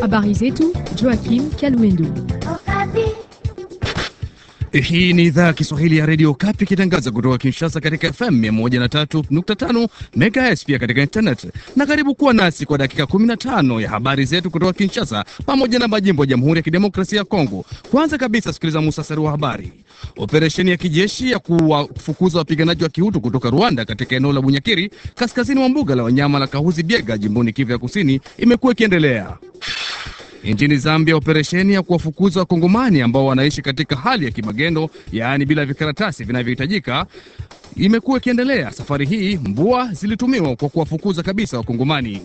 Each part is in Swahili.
Habari zetu Joachim Kalumendo. Hii ni idhaa ya Kiswahili ya redio Kapi ikitangaza kutoka Kinshasa katika FM 103.5 MHz, pia katika internet, na karibu kuwa nasi kwa dakika 15 ya habari zetu kutoka Kinshasa pamoja na majimbo ya Jamhuri ya Kidemokrasia ya Kongo. Kwanza kabisa, sikiliza muhtasari wa habari. Operesheni ya kijeshi ya kuwafukuza wapiganaji wa kihutu kutoka Rwanda katika eneo la Bunyakiri, kaskazini mwa mbuga la wanyama la Kahuzi Biega, jimboni Kivu ya Kusini, imekuwa ikiendelea. Nchini Zambia, operesheni ya kuwafukuza wakongomani ambao wanaishi katika hali ya kimagendo, yaani bila vikaratasi vinavyohitajika imekuwa ikiendelea. Safari hii mbwa zilitumiwa kwa kuwafukuza kabisa wakongomani.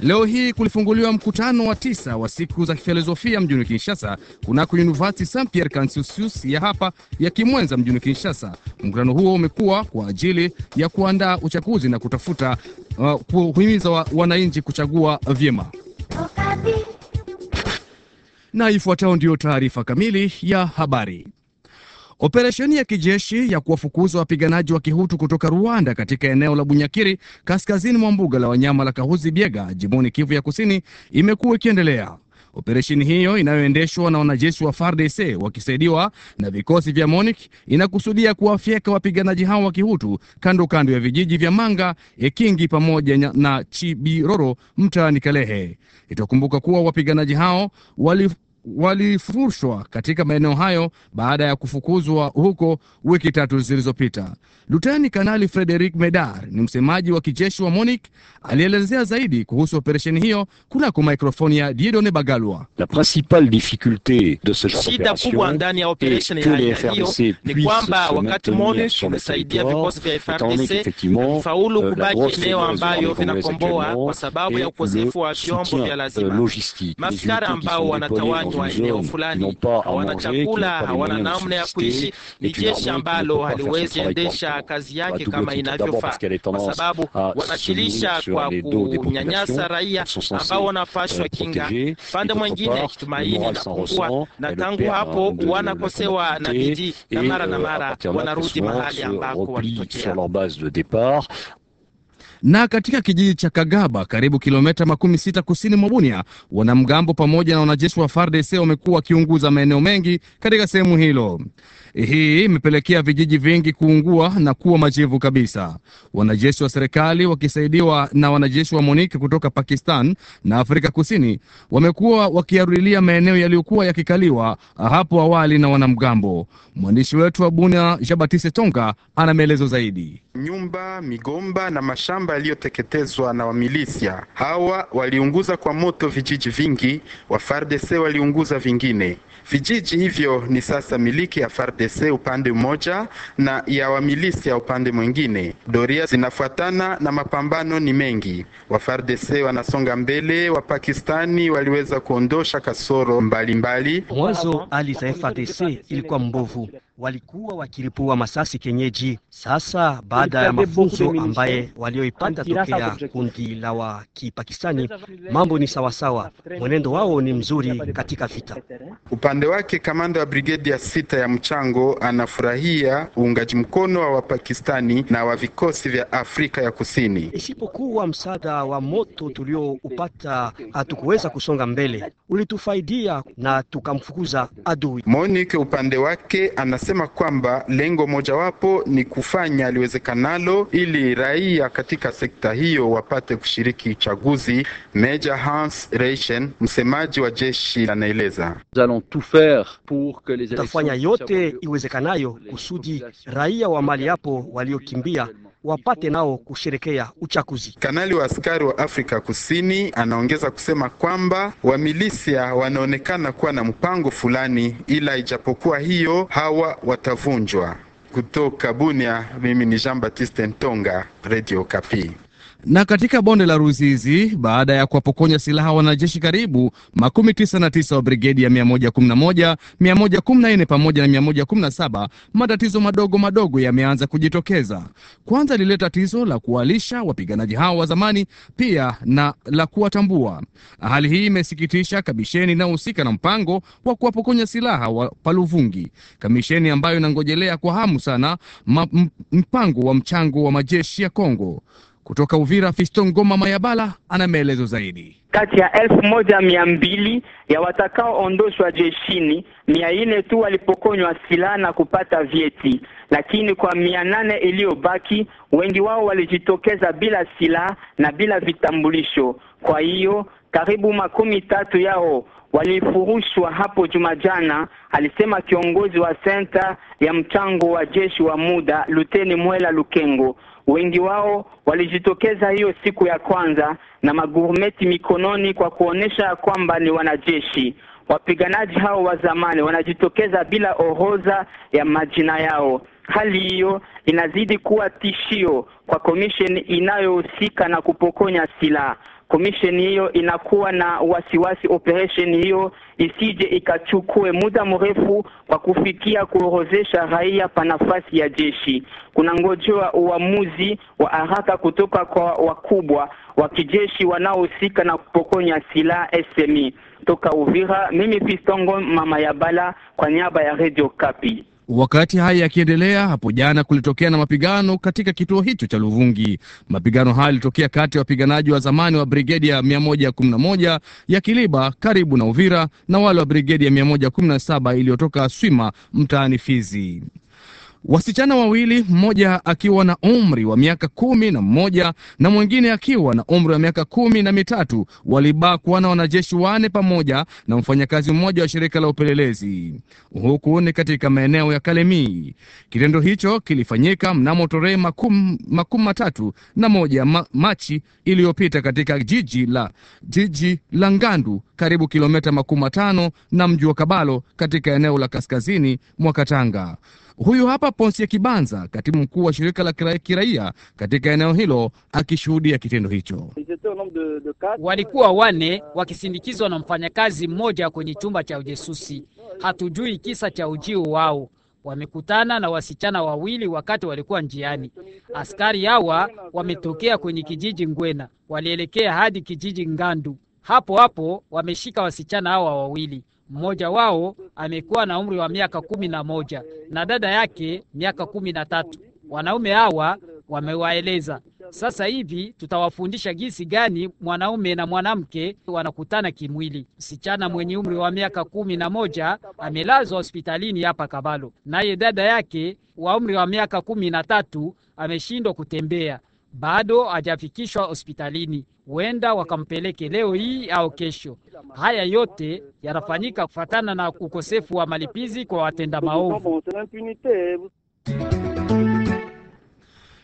Leo hii kulifunguliwa mkutano wa tisa wa siku za kifilosofia mjini Kinshasa kunako University Saint Pierre Canisius ya hapa ya Kimwenza mjini Kinshasa. Mkutano huo umekuwa kwa ajili ya kuandaa uchaguzi na kutafuta uh, kuhimiza wananchi kuchagua vyema na ifuatayo ndiyo taarifa kamili ya habari. Operesheni ya kijeshi ya kuwafukuza wapiganaji wa kihutu kutoka Rwanda katika eneo la Bunyakiri, kaskazini mwa mbuga la wanyama la Kahuzi Biega, jimboni Kivu ya Kusini, imekuwa ikiendelea. Operesheni hiyo inayoendeshwa na wanajeshi wa FARDC wakisaidiwa na vikosi vya MONUC inakusudia kuwafyeka wapiganaji hao wa kihutu kando kando ya vijiji vya Manga, Ekingi pamoja na Chibiroro mtaani Kalehe. Itakumbuka kuwa wapiganaji hao wali, walifurushwa katika maeneo hayo baada ya kufukuzwa huko wiki tatu zilizopita. Luteni Kanali Frederic Medar ni msemaji wa kijeshi wa MONUC alielezea zaidi kuhusu operesheni hiyo kunako mikrofoni ya Diedone Bagalwa. Shida kubwa ndani ya operesheni ya aina hiyo ni kwamba wakati MONUC imesaidia vikosi vya FRDC kufaulu euh, kubaki eneo ambayo vinakomboa kwa sababu ya ukosefu wa vyombo vya lazima, maskara ambao wanatawanya watu eneo fulani hawana chakula, hawana namna ya kuishi. Ni jeshi ambalo haliwezi endesha kazi yake kama inavyofaa, kwa sababu ah, wanashilisha kwa kunyanyasa raia ambao wanapashwa eh, kinga, pande mwingine yakitumaini na eh, kukua, na tangu hapo wanakosewa na bidii eh, na mara na mara wanarudi mahali ambako walitokea. Na katika kijiji cha Kagaba, karibu kilomita makumi sita kusini mwa Bunia, wanamgambo pamoja na wanajeshi wa FARDC wamekuwa wakiunguza maeneo mengi katika sehemu hilo. Hii imepelekea vijiji vingi kuungua na kuwa majivu kabisa. Wanajeshi wa serikali wakisaidiwa na wanajeshi wa monike kutoka Pakistan na Afrika Kusini wamekuwa wakiarudilia maeneo yaliyokuwa yakikaliwa hapo awali na wanamgambo. Mwandishi wetu wa Bunia, Jabatise Tonga, ana maelezo zaidi nyumba, migomba na mashamba yaliyoteketezwa na wamilisia hawa. Waliunguza kwa moto vijiji vingi, wa FARDC waliunguza vingine. Vijiji hivyo ni sasa miliki ya FARDC upande mmoja na ya wamilisia upande mwingine. Doria zinafuatana na mapambano ni mengi. Wa FARDC wanasonga mbele, wa Pakistani waliweza kuondosha kasoro mbalimbali mbali. Mwanzo za FARDC ilikuwa mbovu walikuwa wakilipua masasi kenyeji. Sasa baada ya mafunzo ambaye walioipata tokea kundi la wa Kipakistani, mambo ni sawasawa, mwenendo wao ni mzuri katika vita. Upande wake kamanda wa brigedi ya sita ya mchango anafurahia uungaji mkono wa Wapakistani na wa vikosi vya Afrika ya Kusini. Isipokuwa msaada wa moto tulioupata, hatukuweza kusonga mbele, ulitufaidia na tukamfukuza adui. Monique upande wake ana anasema kwamba lengo mojawapo ni kufanya aliwezekanalo ili raia katika sekta hiyo wapate kushiriki uchaguzi. Meja Hans Reichen, msemaji wa jeshi, anaeleza tutafanya yote iwezekanayo kusudi raia wa mali hapo waliokimbia wapate nao kusherekea uchaguzi. Kanali wa askari wa Afrika Kusini anaongeza kusema kwamba wamilisia wanaonekana kuwa na mpango fulani, ila ijapokuwa hiyo hawa watavunjwa. Kutoka Bunia, mimi ni Jean Baptiste Ntonga, Radio Kapi. Na katika bonde la Ruzizi, baada ya kuwapokonya silaha wanajeshi karibu makumi tisa na tisa wa brigedi ya 111, 114 pamoja na 117, matatizo madogo madogo yameanza kujitokeza. Kwanza lile tatizo la kuwalisha wapiganaji hao wa zamani, pia na la kuwatambua. Hali hii imesikitisha kamisheni inayohusika na mpango wa kuwapokonya silaha wa Paluvungi, kamisheni ambayo inangojelea kwa hamu sana mpango wa mchango wa majeshi ya Kongo. Kutoka Uvira, Fiston Ngoma Mayabala ana maelezo zaidi. Kati ya elfu moja mia mbili ya watakaoondoshwa jeshini, mia nne tu walipokonywa silaha na kupata vyeti, lakini kwa mia nane iliyobaki wengi wao walijitokeza bila silaha na bila vitambulisho. Kwa hiyo karibu makumi tatu yao walifurushwa hapo jumajana alisema kiongozi wa senta ya mchango wa jeshi wa muda Luteni Mwela Lukengo. Wengi wao walijitokeza hiyo siku ya kwanza na magurumeti mikononi kwa kuonesha kwamba ni wanajeshi. Wapiganaji hao wa zamani wanajitokeza bila orodha ya majina yao. Hali hiyo inazidi kuwa tishio kwa komisheni inayohusika na kupokonya silaha. Commission hiyo inakuwa na wasiwasi operation hiyo isije ikachukue muda mrefu kwa kufikia kuorozesha raia pa nafasi ya jeshi. Kunangojewa uamuzi wa haraka kutoka kwa wakubwa wa kijeshi wanaohusika na kupokonya silaha SMI. E. Toka Uvira, mimi Fistongo Mama Bala kwa niaba ya Radio Kapi. Wakati haya yakiendelea, hapo jana kulitokea na mapigano katika kituo hicho cha Luvungi. Mapigano haya yalitokea kati ya wapiganaji wa zamani wa brigedi ya 111 ya Kiliba karibu na Uvira na wale wa brigedi ya 117 iliyotoka Swima mtaani Fizi. Wasichana wawili, mmoja akiwa na umri wa miaka kumi na mmoja na mwingine akiwa na umri wa miaka kumi na mitatu walibakwa na wanajeshi wane pamoja na mfanyakazi mmoja wa shirika la upelelezi. Huku ni katika maeneo ya Kalemie. Kitendo hicho kilifanyika mnamo tarehe makumi matatu na moja ma, Machi iliyopita katika jiji la jiji la Ngandu, karibu kilomita makumi matano na mji wa Kabalo katika eneo la kaskazini mwa Katanga. Huyu hapa Ponsia Kibanza, katibu mkuu wa shirika la kiraia katika eneo hilo, akishuhudia kitendo hicho. Walikuwa wane wakisindikizwa na mfanyakazi mmoja kwenye chumba cha ujesusi. Hatujui kisa cha ujio wao. Wamekutana na wasichana wawili wakati walikuwa njiani. Askari hawa wametokea kwenye kijiji Ngwena, walielekea hadi kijiji Ngandu. Hapo hapo wameshika wasichana hawa wawili mmoja wao amekuwa na umri wa miaka kumi na moja na dada yake miaka kumi na tatu. Wanaume hawa wamewaeleza sasa hivi tutawafundisha jinsi gani mwanaume na mwanamke wanakutana kimwili. Msichana mwenye umri wa miaka kumi na moja amelazwa hospitalini hapa Kabalo, naye dada yake wa umri wa miaka kumi na tatu ameshindwa kutembea bado hajafikishwa hospitalini, huenda wakampeleke leo hii au kesho. Haya yote yanafanyika kufatana na ukosefu wa malipizi kwa watenda maovu.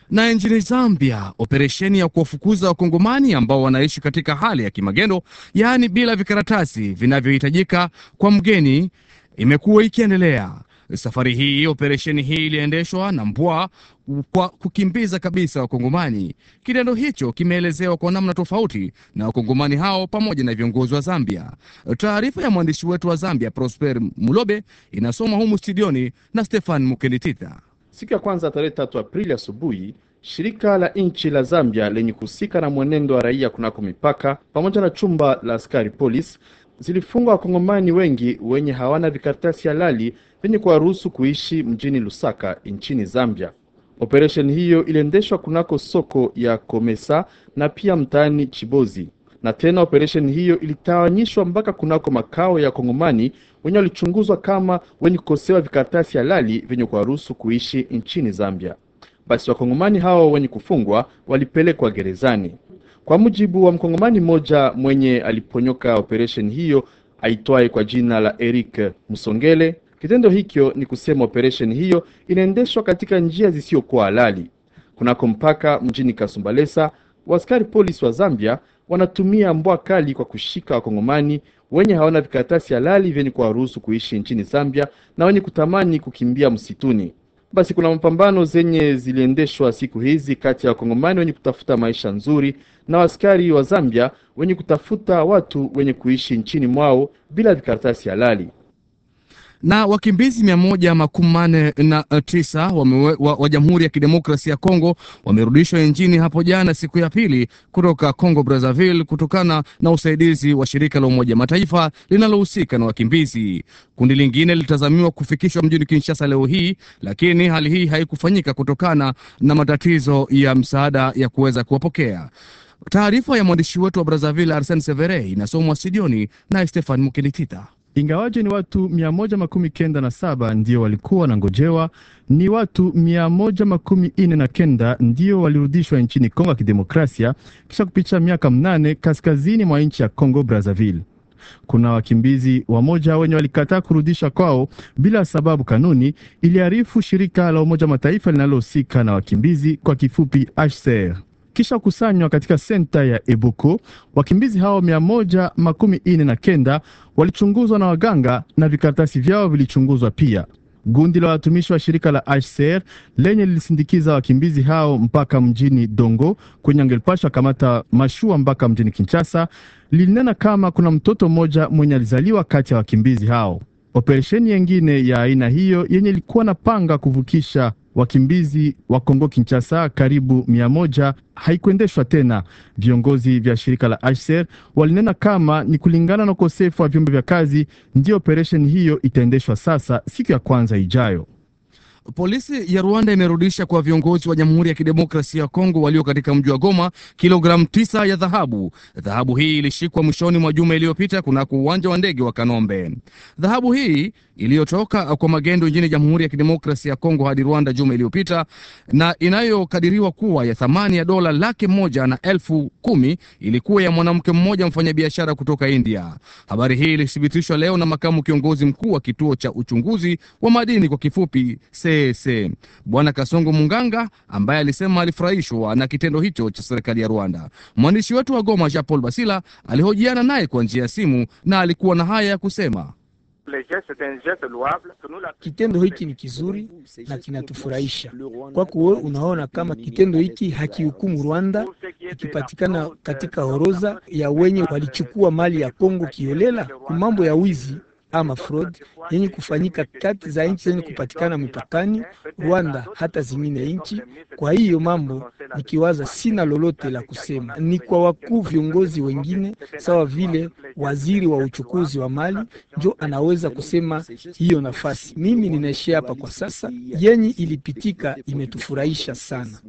Na nchini Zambia, operesheni ya kuwafukuza wakongomani ambao wanaishi katika hali ya kimagendo, yaani bila vikaratasi vinavyohitajika kwa mgeni, imekuwa ikiendelea. Safari hii operesheni hii iliendeshwa na mbwa kwa kukimbiza kabisa Wakongomani. Kitendo hicho kimeelezewa kwa namna tofauti na Wakongomani hao pamoja na viongozi wa Zambia. Taarifa ya mwandishi wetu wa Zambia Prosper Mulobe inasomwa humu studioni na Stefan Mukelitita. Siku ya kwanza tarehe tatu Aprili asubuhi shirika la nchi la Zambia lenye kuhusika na mwenendo wa raia kunako mipaka pamoja na chumba la askari polisi zilifunga wakongomani wengi wenye hawana vikaratasi halali vyenye kuwaruhusu kuishi mjini Lusaka nchini Zambia. Operesheni hiyo iliendeshwa kunako soko ya Komesa na pia mtaani Chibozi, na tena operesheni hiyo ilitawanyishwa mpaka kunako makao ya Kongomani wenye walichunguzwa kama wenye kukosewa vikaratasi halali vyenye kuwaruhusu kuishi nchini Zambia. Basi wakongomani hao wenye kufungwa walipelekwa gerezani. Kwa mujibu wa mkongomani mmoja mwenye aliponyoka operesheni hiyo aitwaye kwa jina la Eric Musongele, Kitendo hicho ni kusema operesheni hiyo inaendeshwa katika njia zisizokuwa halali. Kunako mpaka mjini Kasumbalesa, waskari polisi wa Zambia wanatumia mbwa kali kwa kushika wakongomani wenye hawana vikaratasi halali vyenye kuwaruhusu kuishi nchini Zambia na wenye kutamani kukimbia msituni. Basi kuna mapambano zenye ziliendeshwa siku hizi kati ya wakongomani wenye kutafuta maisha nzuri na waskari wa Zambia wenye kutafuta watu wenye kuishi nchini mwao bila vikaratasi halali na wakimbizi mia moja makumi manne na eh, tisa wa, wa Jamhuri ya Kidemokrasia ya Kongo wamerudishwa nchini hapo jana siku ya pili kutoka Congo Brazzaville kutokana na usaidizi wa shirika la Umoja Mataifa linalohusika na wakimbizi. Kundi lingine lilitazamiwa kufikishwa mjini Kinshasa leo hii, lakini hali hii haikufanyika kutokana na matatizo ya msaada ya kuweza kuwapokea. Taarifa ya mwandishi wetu wa Brazzaville arsen Severe inasomwa studioni na Stefan Mukelitita. Ingawaje ni watu 197 ndio walikuwa wanangojewa, ni watu 149 ndio walirudishwa nchini Kongo ya Kidemokrasia kisha kupitia miaka mnane kaskazini mwa nchi ya Kongo Brazzaville. Kuna wakimbizi wamoja wenye walikataa kurudisha kwao bila sababu. Kanuni iliarifu shirika la Umoja Mataifa linalohusika na wakimbizi kwa kifupi HCR kisha kusanywa katika senta ya Eboko. Wakimbizi hao mia moja makumi ine na kenda walichunguzwa na waganga na vikaratasi vyao vilichunguzwa pia. Gundi la watumishi wa shirika la HCR lenye lilisindikiza wakimbizi hao mpaka mjini Dongo kwenye angelipasha kamata mashua mpaka mjini Kinshasa lilinena kama kuna mtoto mmoja mwenye alizaliwa kati ya wakimbizi hao. Operesheni yengine ya aina hiyo yenye ilikuwa na panga kuvukisha wakimbizi wa Kongo Kinshasa karibu mia moja haikuendeshwa tena. Viongozi vya shirika la HCR walinena kama ni kulingana na ukosefu wa vyombo vya kazi, ndio operesheni hiyo itaendeshwa sasa siku ya kwanza ijayo. Polisi ya Rwanda imerudisha kwa viongozi wa Jamhuri ya Kidemokrasia ya Kongo walio katika mji wa Goma kilogramu tisa ya dhahabu. Dhahabu hii ilishikwa mwishoni mwa juma iliyopita kunako uwanja wa ndege wa Kanombe. Dhahabu hii iliyotoka kwa magendo nchini Jamhuri ya Kidemokrasia ya Kongo hadi Rwanda juma iliyopita na inayokadiriwa kuwa ya thamani ya dola laki moja na elfu kumi ilikuwa ya mwanamke mmoja mfanyabiashara kutoka India. Habari hii ilithibitishwa leo na makamu kiongozi mkuu wa kituo cha uchunguzi wa madini kwa kifupi se FCC. Bwana Kasongo Munganga ambaye alisema alifurahishwa na kitendo hicho cha serikali ya Rwanda. Mwandishi wetu wa Goma Jean Paul Basila alihojiana naye kwa njia ya simu na alikuwa na haya ya kusema. Kitendo hiki ni kizuri na kinatufurahisha kwako. Wewe unaona kama kitendo hiki hakihukumu Rwanda ikipatikana katika horoza ya wenye walichukua mali ya Kongo kiolela kwa mambo ya wizi ama fraud yenye kufanyika kati za nchi zenye kupatikana mipakani Rwanda hata zingine nchi. Kwa hiyo mambo nikiwaza, sina lolote la kusema, ni kwa wakuu viongozi wengine sawa vile waziri wa uchukuzi wa mali njo anaweza kusema hiyo nafasi. Mimi ninaishia hapa kwa sasa, yenye ilipitika imetufurahisha sana.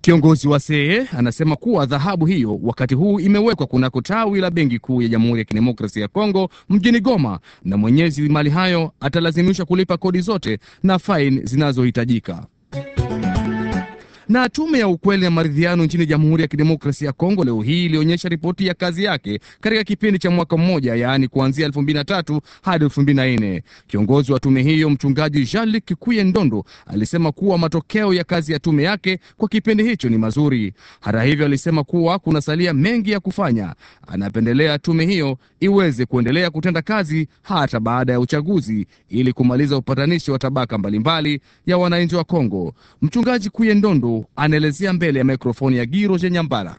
Kiongozi wa Sehe anasema kuwa dhahabu hiyo wakati huu imewekwa kunako tawi la benki kuu ya Jamhuri ya Kidemokrasia ya Kongo mjini Goma, na mwenyezi mali hayo atalazimishwa kulipa kodi zote na faini zinazohitajika. Na tume ya ukweli na maridhiano nchini Jamhuri ya Kidemokrasia ya Kongo leo hii ilionyesha ripoti ya kazi yake katika kipindi cha mwaka mmoja, yaani kuanzia 2003 hadi 2004. Kiongozi wa tume hiyo mchungaji Jean-Luc Ndondo alisema kuwa matokeo ya kazi ya tume yake kwa kipindi hicho ni mazuri. Hata hivyo, alisema kuwa kuna salia mengi ya kufanya. Anapendelea tume hiyo iweze kuendelea kutenda kazi hata baada ya uchaguzi ili kumaliza upatanishi wa tabaka mbalimbali mbali ya wananchi wa Kongo. Mchungaji Kuye Ndondo anaelezea mbele ya mikrofoni ya giro Nyambala.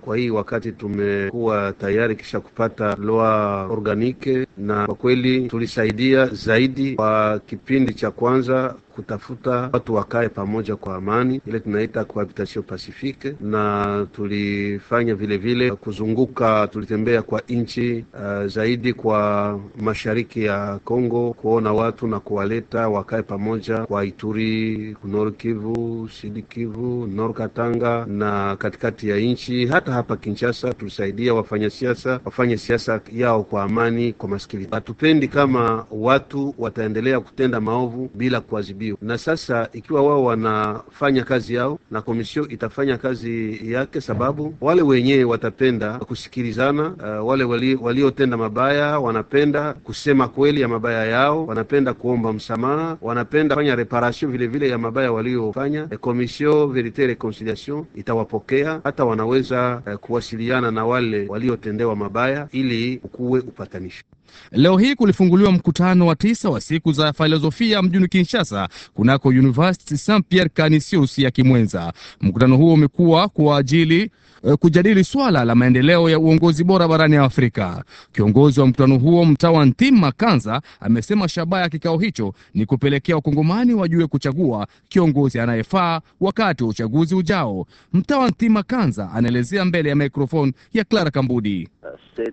Kwa hii wakati tumekuwa tayari kisha kupata loa organike, na kwa kweli tulisaidia zaidi kwa kipindi cha kwanza kutafuta watu wakae pamoja kwa amani, ile tunaita cohabitation pacifique, na tulifanya vilevile vile kuzunguka, tulitembea kwa nchi uh, zaidi kwa mashariki ya Kongo kuona watu na kuwaleta wakae pamoja kwa Ituri, Nord Kivu, Sud Kivu, Nord Katanga na katikati ya nchi. Hata hapa Kinshasa tulisaidia wafanya siasa wafanye siasa yao kwa amani, kwa masikini. Hatupendi kama watu wataendelea kutenda maovu bila kuadhibiwa hiyo. Na sasa ikiwa wao wanafanya kazi yao na komisio itafanya kazi yake, sababu wale wenyewe watapenda kusikilizana. Uh, wale waliotenda wali mabaya wanapenda kusema kweli ya mabaya yao, wanapenda kuomba msamaha, wanapenda fanya reparation vile vile ya mabaya waliofanya. E, eh, komisio verite reconciliation itawapokea, hata wanaweza uh, kuwasiliana na wale waliotendewa mabaya ili ukuwe upatanisho. Leo hii kulifunguliwa mkutano wa tisa wa siku za filosofia mjini Kinshasa kunako University Saint Pierre Canisius ya Kimwenza. Mkutano huo umekuwa kwa ajili eh, kujadili swala la maendeleo ya uongozi bora barani Afrika. Kiongozi wa mkutano huo mtawa Ntim Makanza amesema shabaha ya kikao hicho ni kupelekea wakongomani wajue kuchagua kiongozi anayefaa wakati wa uchaguzi ujao. Mtawa Ntim Makanza anaelezea mbele ya mikrofoni ya Clara Kambudi. Euh,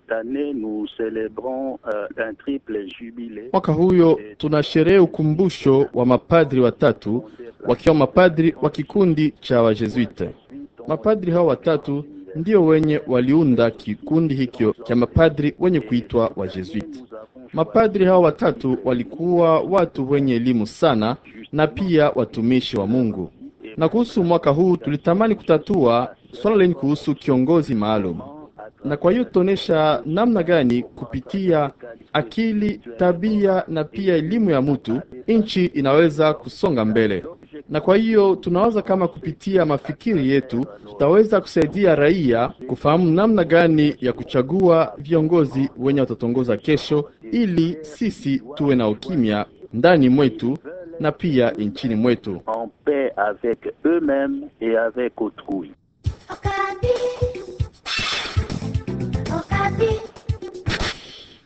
mwaka huyo tunasherehe ukumbusho wa mapadri watatu wakiwa mapadri wa kikundi cha Wajezuite. Mapadri hao watatu ndio wenye waliunda kikundi hikyo cha mapadri wenye kuitwa Wajezuite. Mapadri hao watatu walikuwa watu wenye elimu sana na pia watumishi wa Mungu. Na kuhusu mwaka huu tulitamani kutatua swala lenye kuhusu kiongozi maalum na kwa hiyo tutaonesha namna gani kupitia akili, tabia na pia elimu ya mtu nchi inaweza kusonga mbele. Na kwa hiyo tunawaza kama kupitia mafikiri yetu tutaweza kusaidia raia kufahamu namna gani ya kuchagua viongozi wenye watatongoza kesho, ili sisi tuwe na ukimya ndani mwetu na pia nchini mwetu. happy.